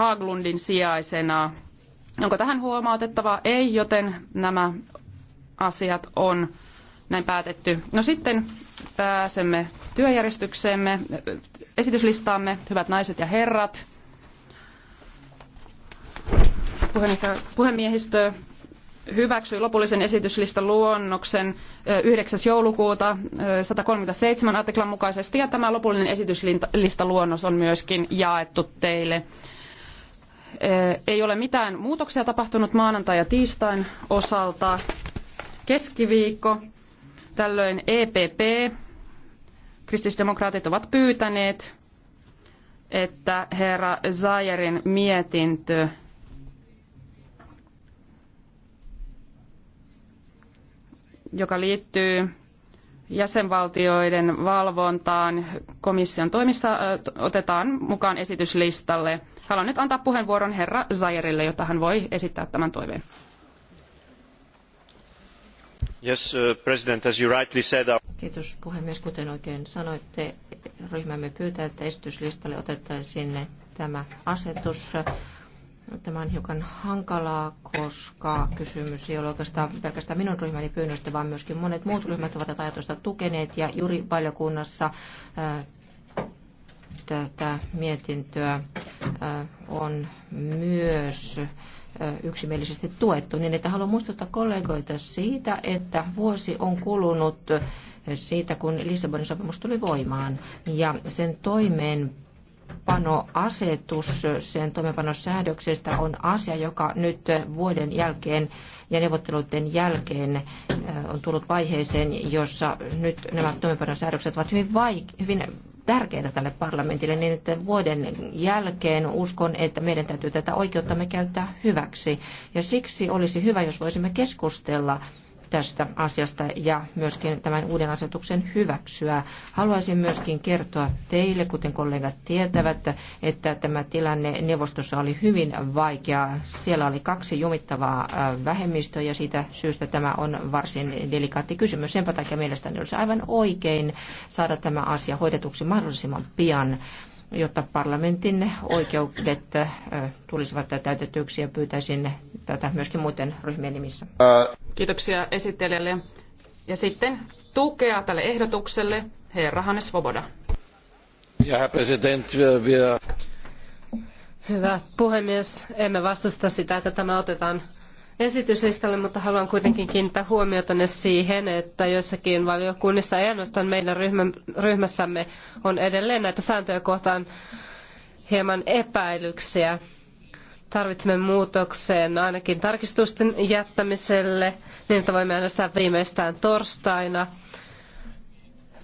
Haglundin sijaisena. Onko tähän huomautettavaa? Ei, joten nämä asiat on näin päätetty. No sitten pääsemme työjärjestykseemme, esityslistaamme, hyvät naiset ja herrat. Puhemiehistö hyväksyi lopullisen esityslistan luonnoksen 9. joulukuuta 137 artiklan mukaisesti ja tämä lopullinen esityslistaluonnos on myöskin jaettu teille. Ei ole mitään muutoksia tapahtunut maanantai- ja tiistain osalta. Keskiviikko, tällöin EPP, kristillisdemokraatit ovat pyytäneet, että herra Zajerin mietintö joka liittyy jäsenvaltioiden valvontaan komission toimissa otetaan mukaan esityslistalle. Haluan nyt antaa puheenvuoron herra Zayerille, jotta hän voi esittää tämän toiveen. Yes, uh, president, as you rightly said, Kiitos puhemies. Kuten oikein sanoitte, ryhmämme pyytää, että esityslistalle otettaisiin tämä asetus. Tämä on hiukan hankalaa, koska kysymys ei ole oikeastaan pelkästään minun ryhmäni pyynnöstä, vaan myöskin monet muut ryhmät ovat tätä ajatusta tukeneet ja juuri valiokunnassa äh, tätä mietintöä äh, on myös äh, yksimielisesti tuettu, niin että haluan muistuttaa kollegoita siitä, että vuosi on kulunut siitä, kun Lissabonin sopimus tuli voimaan ja sen toimeen toimeenpanoasetus sen toimeenpanosäädöksestä on asia, joka nyt vuoden jälkeen ja neuvotteluiden jälkeen äh, on tullut vaiheeseen, jossa nyt nämä toimeenpanosäädökset ovat hyvin, vaik- hyvin tärkeitä tälle parlamentille, niin että vuoden jälkeen uskon, että meidän täytyy tätä oikeuttamme käyttää hyväksi. Ja siksi olisi hyvä, jos voisimme keskustella tästä asiasta ja myöskin tämän uuden asetuksen hyväksyä. Haluaisin myöskin kertoa teille, kuten kollegat tietävät, että tämä tilanne neuvostossa oli hyvin vaikea. Siellä oli kaksi jumittavaa äh, vähemmistöä ja siitä syystä tämä on varsin delikaatti kysymys. Senpä takia mielestäni olisi aivan oikein saada tämä asia hoidetuksi mahdollisimman pian jotta parlamentin oikeudet tulisivat täytetyksi ja pyytäisin tätä myöskin muiden ryhmien nimissä. Kiitoksia esittelijälle. Ja sitten tukea tälle ehdotukselle herra Hannes Svoboda. Ja herr Präsident, Hyvä puhemies, emme vastusta sitä, että tämä otetaan esityslistalle, mutta haluan kuitenkin kiinnittää huomiota siihen, että joissakin valiokunnissa, ei ainoastaan meidän ryhmässämme, on edelleen näitä sääntöjä kohtaan hieman epäilyksiä. Tarvitsemme muutokseen ainakin tarkistusten jättämiselle, niin että voimme äänestää viimeistään torstaina.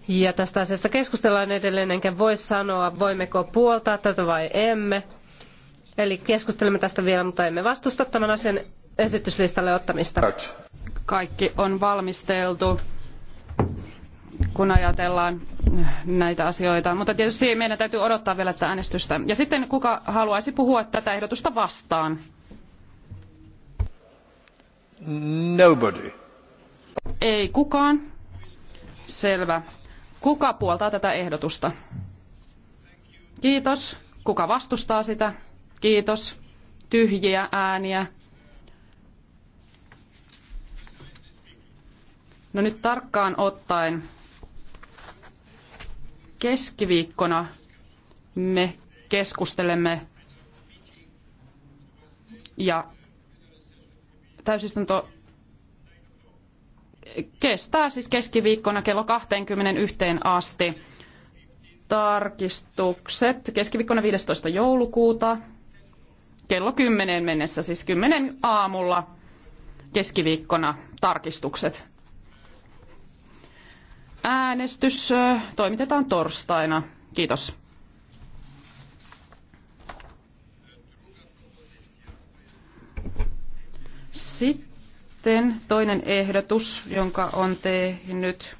Ja tästä asiasta keskustellaan edelleen, enkä voi sanoa, voimmeko puoltaa tätä vai emme. Eli keskustelemme tästä vielä, mutta emme vastusta tämän asian esityslistalle ottamista. Kaikki on valmisteltu, kun ajatellaan näitä asioita. Mutta tietysti meidän täytyy odottaa vielä tätä äänestystä. Ja sitten kuka haluaisi puhua tätä ehdotusta vastaan? Nobody. Ei kukaan. Selvä. Kuka puoltaa tätä ehdotusta? Kiitos. Kuka vastustaa sitä? Kiitos. Tyhjiä ääniä. No nyt tarkkaan ottaen keskiviikkona me keskustelemme ja täysistunto kestää siis keskiviikkona kello 21 asti. Tarkistukset keskiviikkona 15. joulukuuta kello 10 mennessä, siis 10 aamulla keskiviikkona tarkistukset äänestys toimitetaan torstaina. Kiitos. Sitten toinen ehdotus, jonka on tehnyt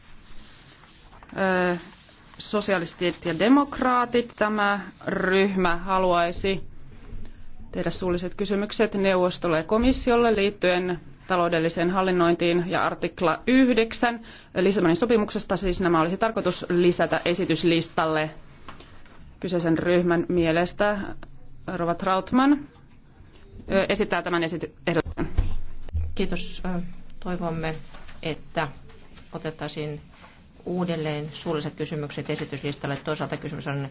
sosialistit ja demokraatit. Tämä ryhmä haluaisi tehdä suulliset kysymykset neuvostolle ja komissiolle liittyen taloudelliseen hallinnointiin ja artikla 9 Lissabonin sopimuksesta, siis nämä olisi tarkoitus lisätä esityslistalle kyseisen ryhmän mielestä. Rova Trautman esittää tämän esity- ehdotuksen. Kiitos. Toivomme, että otettaisiin uudelleen suulliset kysymykset esityslistalle. Toisaalta kysymys on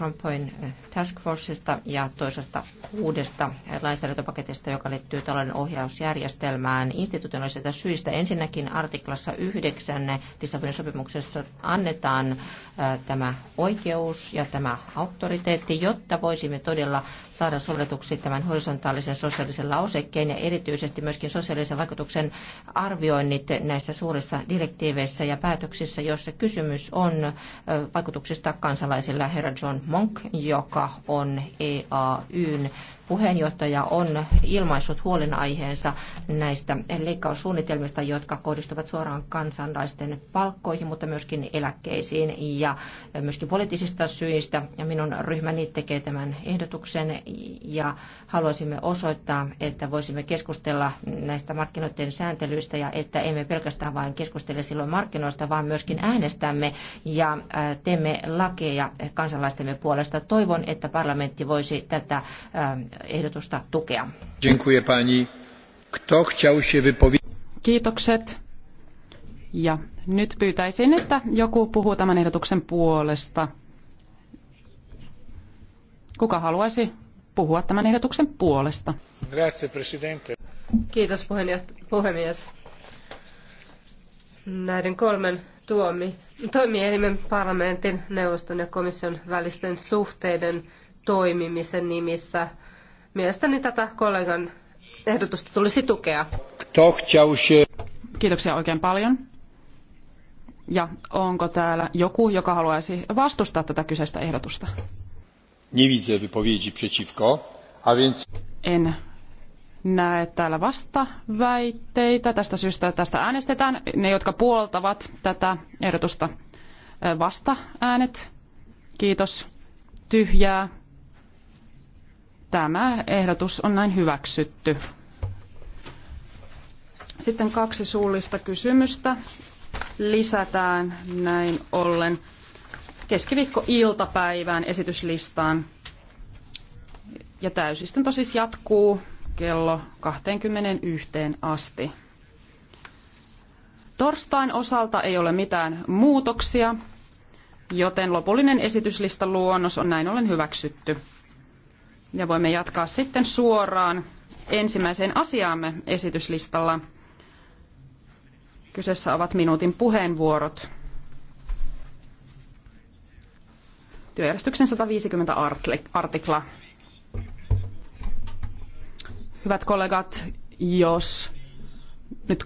Rompoin eh, Task Forcesta ja toisesta uudesta eh, lainsäädäntöpaketista, joka liittyy talouden ohjausjärjestelmään institutionaalisista syistä. Ensinnäkin artiklassa 9 Lissabonin sopimuksessa annetaan eh, tämä oikeus ja tämä auktoriteetti, jotta voisimme todella saada sovelletuksi tämän horisontaalisen sosiaalisen lausekkeen ja erityisesti myöskin sosiaalisen vaikutuksen arvioinnit näissä suurissa direktiiveissä ja päätöksissä, joissa kysymys on vaikutuksista kansalaisilla. Herra Jason Monk, joka on EAYn puheenjohtaja on ilmaissut huolenaiheensa näistä leikkaussuunnitelmista, jotka kohdistuvat suoraan kansalaisten palkkoihin, mutta myöskin eläkkeisiin ja myöskin poliittisista syistä. Ja minun ryhmäni tekee tämän ehdotuksen ja haluaisimme osoittaa, että voisimme keskustella näistä markkinoiden sääntelyistä ja että emme pelkästään vain keskustele silloin markkinoista, vaan myöskin äänestämme ja äh, teemme lakeja kansalaistemme puolesta. Toivon, että parlamentti voisi tätä äh, ehdotusta tukea. Kiitokset. Ja nyt pyytäisin, että joku puhuu tämän ehdotuksen puolesta. Kuka haluaisi puhua tämän ehdotuksen puolesta? Kiitos puhemies. Näiden kolmen tuomi, toimielimen parlamentin, neuvoston ja komission välisten suhteiden toimimisen nimissä – Mielestäni tätä kollegan ehdotusta tulisi tukea. Kiitoksia oikein paljon. Ja onko täällä joku, joka haluaisi vastustaa tätä kyseistä ehdotusta? En näe täällä vastaväitteitä. Tästä syystä tästä äänestetään. Ne, jotka puoltavat tätä ehdotusta vasta äänet. Kiitos. Tyhjää. Tämä ehdotus on näin hyväksytty. Sitten kaksi suullista kysymystä lisätään näin ollen keskiviikko-iltapäivään esityslistaan. Ja täysistunto siis jatkuu kello 21 asti. Torstain osalta ei ole mitään muutoksia, joten lopullinen esityslistaluonnos luonnos on näin ollen hyväksytty. Ja voimme jatkaa sitten suoraan ensimmäiseen asiaamme esityslistalla. Kyseessä ovat minuutin puheenvuorot. Työjärjestyksen 150 artikla. Hyvät kollegat, jos nyt